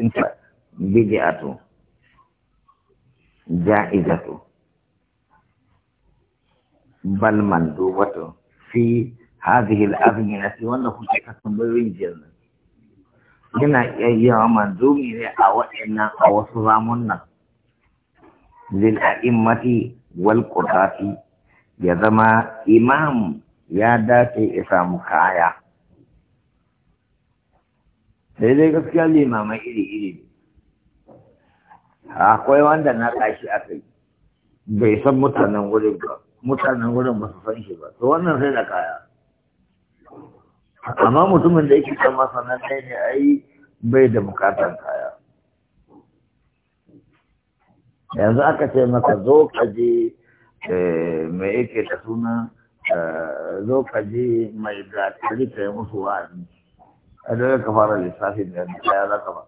inta bid'atu ja'izatu bal mandubatu fi hadhihi al-azmina wanda kuke kasambayin jinna yana iya yawa mandumi ne a waɗannan a wasu zamun nan lil a'immati wal qurati ya zama imam ya dace ya samu kaya dai gaskiya limamai iri-iri ne akwai wanda na tashi aka yi bai san mutanen wurin ba mutanen wurin ba su san shi ba to wannan sai da kaya amma mutumin da yake kan na kai ne ai bai da bukatan kaya yanzu aka ce maka zo ka je eh, mai yake da suna eh, zo ka je mai da ka yi musu wa'azi a dole ka fara lissafin da ya za ka ba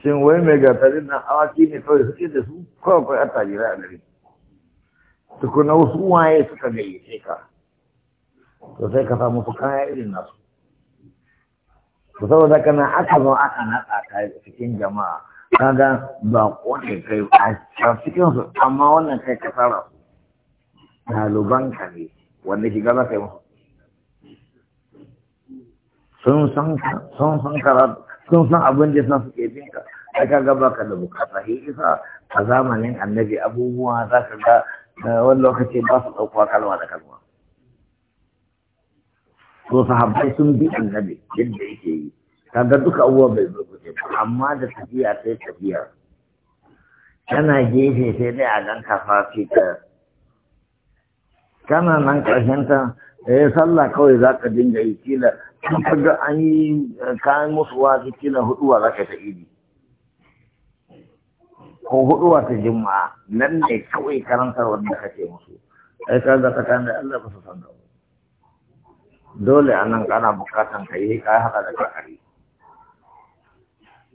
shin wai mai gatarin nan awaki ne kawai suke da su kawai kawai a tajira a gari tukuna wasu waye suka gayyace ka to sai ka samu su kaya irin nasu to saboda kana aka zo aka natsa ka cikin jama'a kaga ba kone kai a cikin su amma wannan kai ka tsara su ɗaliban ka ne wanda shiga za ka yi musu sun san ka sun san karatu sun san abin da sun suke bin ka sai ka ga baka da bukata isa a zamanin annabi abubuwa za ka ga wani lokaci ba su ɗaukuwa kalma da kalma to sahabbai sun bi annabi yadda yake yi kaga duka abubuwa bai zo ba amma da tafiya sai tafiya kana gefe sai dai a ganka fafi ta kana nan ƙarshen ta eh sallah kawai za ka dinga yi kila tun kaga an yi eh, kayan musu wasu kila huduwa za ka ta idi ko huduwa ta jima'a nan ne kawai karantar wanda kake musu ai ka zaka tsakanin da Allah ba su san da dole a nan kana bukatan ka yi ka haka da kakari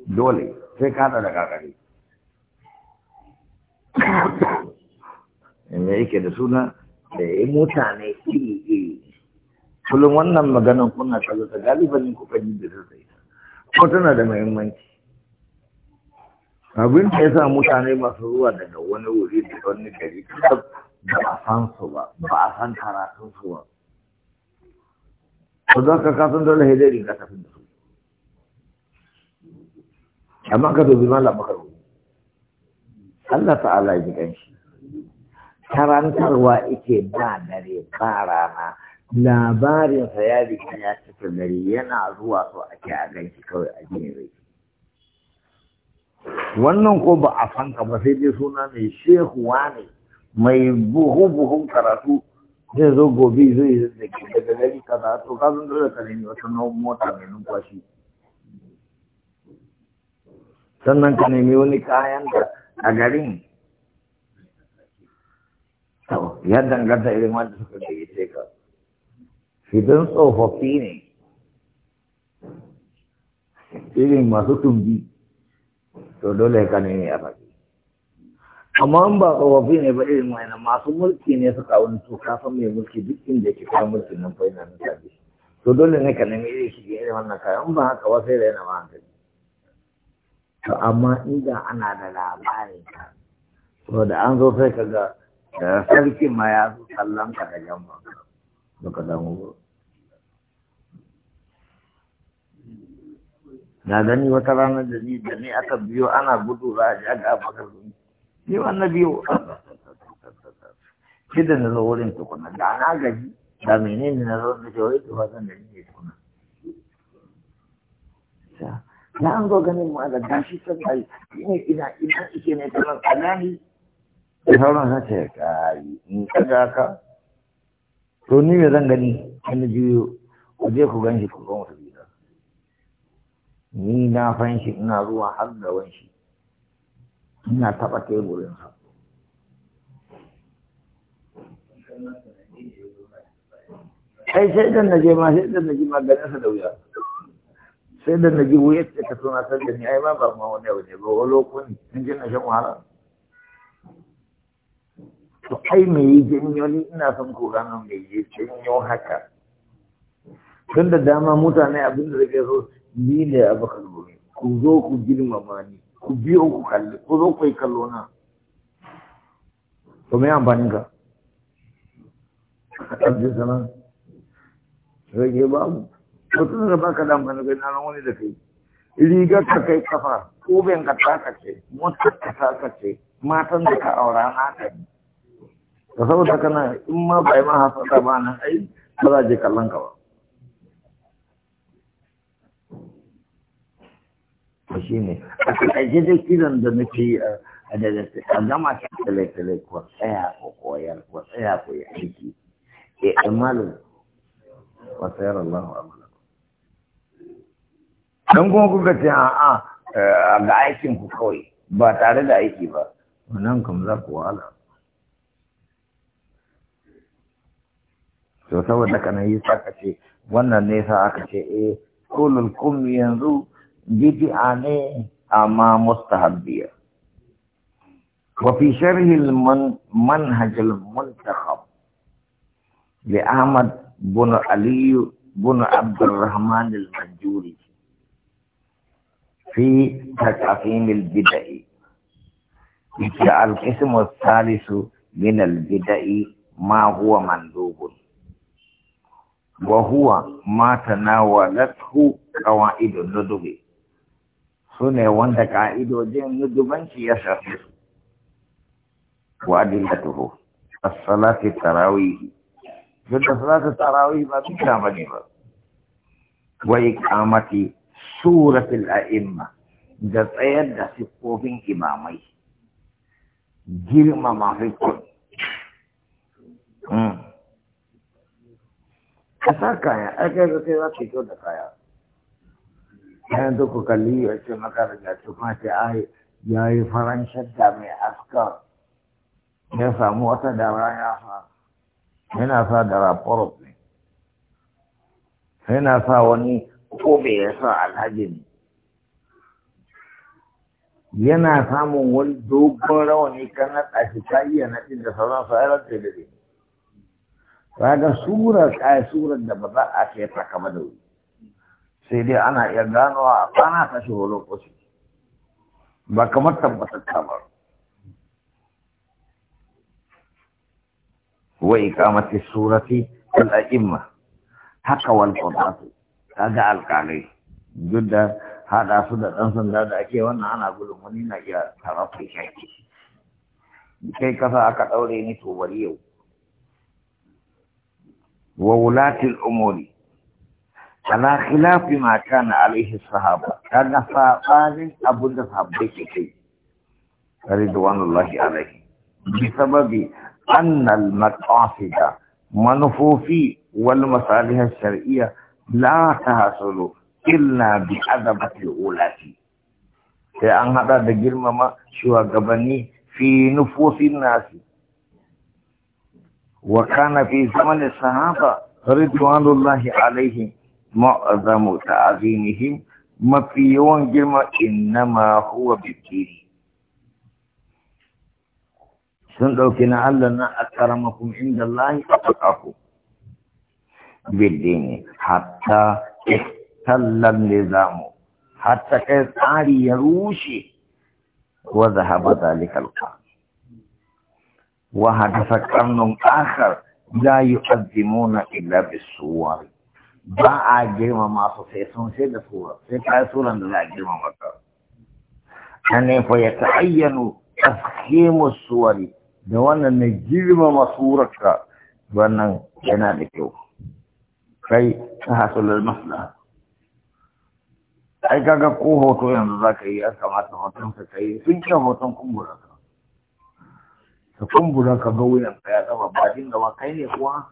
dole sai ka haɗa da kakari me yake da suna da eh, mutane iri iri kullum wannan maganan kuna kallo ta galiban ku kan yi da zai ko tana da muhimmanci abin da ya sa mutane masu zuwa daga wani wuri da wani gari kasar da a san su ba ba a san karatun su ba ko za ka kasan dole hedari ka tafi da su amma ka dubi malam bakar Allah ta'ala ya ji kanshi karantarwa ike ba dare ba rana labarinsa ya riga ya cika gari yana zuwa so ake a ganshi kawai a gini wannan ko ba a fanka ba sai dai suna mai shehuwa ne mai buhu-buhun karatu zai zo gobe zai da ke daga gari kaza to ka zan dole ka nemi wata mota mai numfashi sannan ka nemi wani kayan da a garin ya danganta irin wanda suka gayyace ka idan tsofaffi ne irin masu tumbi to dole ka ne a faɗi amma an ba tsofaffi ne ba irin wani masu mulki ne suka wani to kafin mai mulki duk inda ke kawo mulki nan fa yana nuna bi to dole ne ka nemi irin shige irin wannan kayan ba haka ba sai da yana ma hankali to amma inda ana da labarin ka to da an zo sai ka ga eh, sarki ma ya zo kallon ka da ba ka damu ba na gani wata ranar da ni da ni aka biyo ana gudu za a jaga a bakar zuni ni wannan biyo shi da na zo wurin tukuna da na gaji da menene na zo na ce wai tufa zan da ni ne tukuna na an zo ganin mu a da shi a yi. ina ina ina ike ne kamar kanani da sauran sa ce kai in ga ka to ni me zan gani kan biyo ku je ku ganshi ku ga mutum ni na fan shi ina zuwa har gaban shi ina taɓa teburinsa kai sai dan naje ma sai dan naje ma ga nasa da wuya sai dan naje wuya ta ka tona san da ni ai ba ba ma wani abu ne ba wani lokun in ji na shan wahala to ai me yi janyo ni ina son ko gano me yi janyo haka tun da dama mutane abin da zai so ni ne baka kalmomi ku zo ku girmama ni ku biyo ku kalli ku zo ku yi kallo na to me amfani ka abdi sana rage to tun da baka da amfani kai na wani da kai Riga ka kai kafa ben ka ka ce ta ka ka ce matan da ka aura na ka ne ka saboda kana in ma bai ma hasata ba na, ai ba za je kallon ka ba to shi ne a kaɗaice da kiran da nufi eh, a daga a gama shi tale-tale ko tsaya ko koyar ko tsaya ko yi aiki e eh, amalu eh, wa tsayar Allah amala don kuma kuka ce a ga aikin ku kawai ba tare da aiki ba wannan kam za ku wahala to saboda kana yi saka ce wannan ne sa aka ce eh kulul kum yanzu آنے أما دیا وفي شرح المنهج المنتخب لأحمد بن علي بن عبد الرحمن المنجوري في تكافيم البدع القسم الثالث من البدع ما هو مندوب وهو ما تناولته قواعد الندب su ne wanda ka'idojin nudubanci ya shafe su wa adillatuhu as-salati tarawi. duk da salatu tarawih ba bid'a bane ba wa iqamati suratul a'imma da tsayar da siffofin imamai girmama hukun hmm. ka sa kaya ai kai ga kai za da kaya yanzu ku kalli ya ce maka daga tuma ce ya yi faran shadda mai askar ya samu wata dara ya sa yana sa da porop ne yana sa wani kobe ya sa alhaji ne yana samun wani dogon rawani kan na shi ta iya naɗin da sauran sa ya rantsa da Kaga surar ƙaya surar da ba za a ce ta kama da wuri. sai dai ana iya ganowa a kwana ta shi holocaust ba kamar tabbatar kamar wa ikamati surati al-a'imma haka wal qudatu kaga alƙalai duk da haɗa su da ɗan sanda da ake wannan ana gudun wani na iya tarafa shaki kai kasa aka ɗaure ni to bari yau wa wulatil umuri على خلاف ما كان عليه الصحابة كان فقال أبو الصحابة رضوان الله عليه بسبب أن المقاصد منفوفي والمصالح الشرعية لا تحصل إلا بأدبة الاولاد لأن هذا haɗa da شو shugabanni في نفوس الناس وكان في زمن الصحابة رضوان الله عليهم معظم تعظيمهم ما في يوم جمع إنما هو بالدين كنا علنا أكرمكم عند الله أتقاكم بالدين حتى احتل النظام حتى كثار يروشي وذهب ذلك القرن وحدث قرن آخر لا يقدمون إلا بالصور ba a girmama su sai sun sai da tsoro sai ka yi suran da za a girmama ka an ne fa ya ta'ayyanu tafhimu suwari da wannan na girmama surarka wannan yana da kyau kai ta hasulul maslaha ai kaga ko hoto yanzu za ka yi ya kamata hoton ka kai sun kira hoton kumbura ka kumbura ka ga wuyan ka ya zama ba dinga ba kai ne kuwa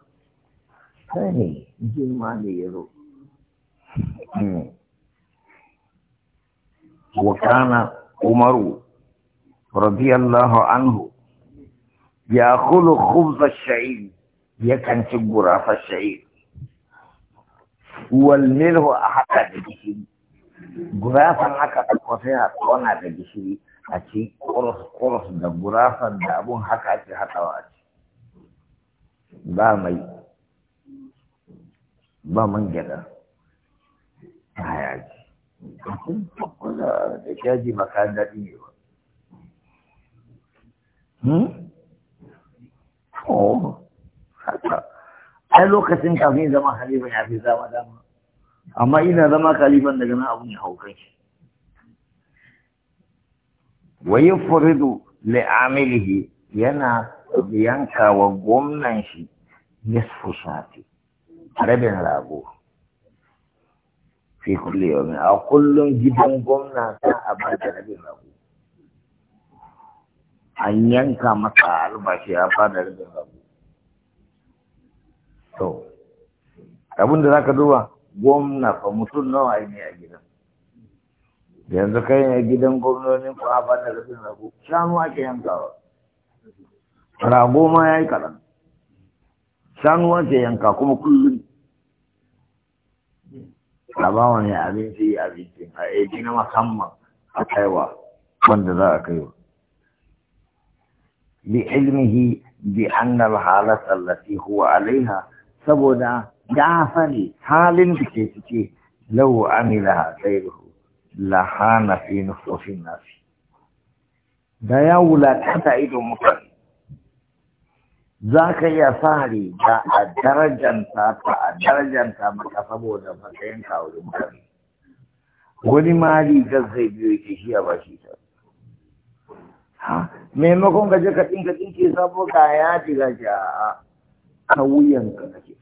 kai ne girma ne ya zo وكان عمر رضي الله عنه يأكل خبز الشعير يكن غراف الشعير والملح أحد الجسم غرافا haka ko sai a kona da gishiri a ci kuros kuros da gurafan da abun haka ce haɗawa a ba mai ba man gyaɗa ta hayaki sun kula da kyaji ba kayan daɗi ne ba oh haka ai lokacin kafin zama halifan ya fi zama dama amma ina zama kalifan daga nan abun ya hau kai wa yufridu li amilihi yana yanka wa gwamnan shi nisfu sati rabin rago fi kulle yomi a kullum gidan gwamna ta a ba da rabin rago an yanka masa albashi a ba da rabin rago to abin da ka duba gwamna fa mutum nawa ne a gidan yanzu kai ne gidan gwamnonin ku a ba da rabin rago shanu ake yankawa rago ma ya yi kaɗan sanuwa ce yanka kuma kullum a ba wani abinci abincin a eji na musamman a kaiwa wanda za a kaiwa bi ilmihi bi annal halat allati huwa alaiha saboda ya sani halin da ke cike lau amila ghayruhu lahana fi nufufin nasi da ya wulakata ido mutane za ka iya sa riga a darajanta ta a darajanta maka saboda matsayin kawurin kare wani ma rigar zai biyo ke shi a bashi ta maimakon ka je ka ɗinka ɗinke saboda ka ya shiga shi a a wuyan ka kake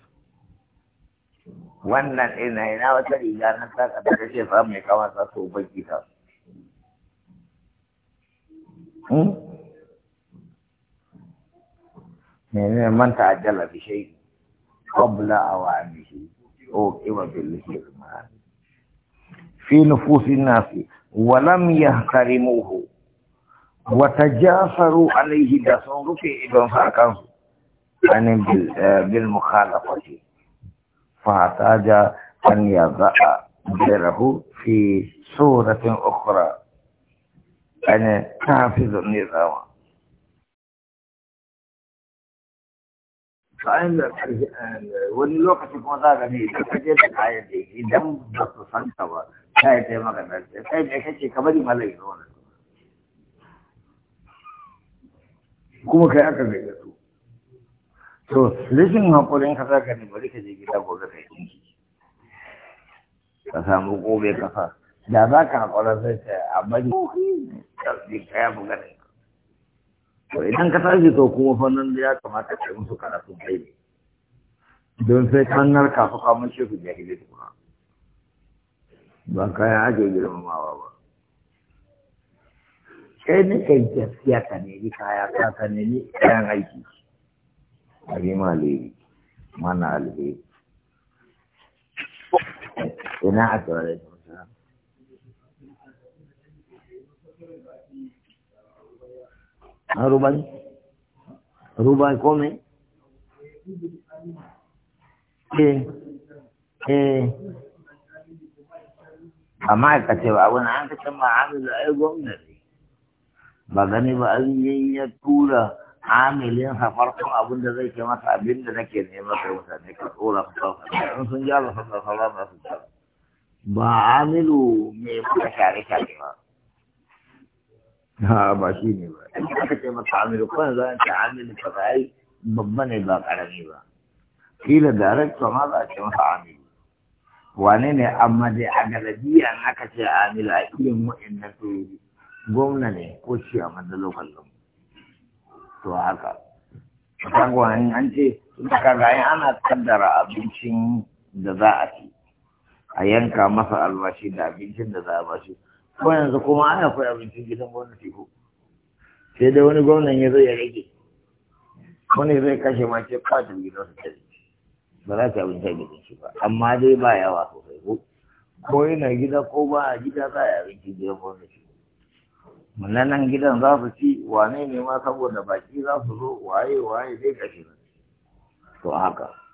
wannan ina ina wata riga na saka da kake samu ya kawasa so baki ta hmm? من من تعجل بشيء قبل qabla او قوة الهرمان في نفوس الناس ولم يحترموه وتجاسروا عليه دسون رفي إدون فاكان عن بالمخالفة فاحتاج أن يضع غيره في صورة أخرى أن تحفظ النظام kayan eh, wani lokaci kuma za ka ne idan ka je da kayan da idan ba su san ka ba ta yi taimaka da ta kai da kace ka bari malai zo na kuma kai aka gaida su to rashin hakurin ka za ka ne bari ka je gida gobe ka yi ka samu gobe ka sa da za ka hakura zai ta a bari kai ne ka buga ne to idan ka tashi to kuma fannin da ya kamata ka musu karatu bai ne don sai kan narka fa kamun shi su jahili kuma ba kayan ake girmamawa ba kai ne kai gaskiya ka nemi kaya ka ka yi kayan aiki a rima mana alheri ina a tsoron an ruba amma ka ce ba wani an kace ma'amilu ai gwamnati ba gani ba an yi ya tura amilin sa farkon abin da zai ke masa abin da nake nema kai mutane ka tsora ka sauka in sun ba amilu mai muka share share ba A'a ba shi ne ba in aka ce maka amiru ko zan an ce ba babba ne ba karami ba kila darakta ma za a ce masa amiru wane ne amma dai a galabiya aka ce amiru a irin na to gwamna ne ko ciyaman da lokacin to haka kagwa in an ce kaga in ana kaddara abincin da za a ci a yanka masa albashi da abincin da za a bashi ko yanzu kuma ana akwai abincin gidan gwamnati ko sai dai wani gwamnan ya zo ya rage wani zai kashe ma ce katin gidan su tare ba za ta abinci gidan shi ba amma dai ba yawa sosai ko ko yana gida ko ba a gida za a abincin gidan gwamnati nan gidan za su ci wane ne ma saboda baki za su zo waye waye zai kashe to haka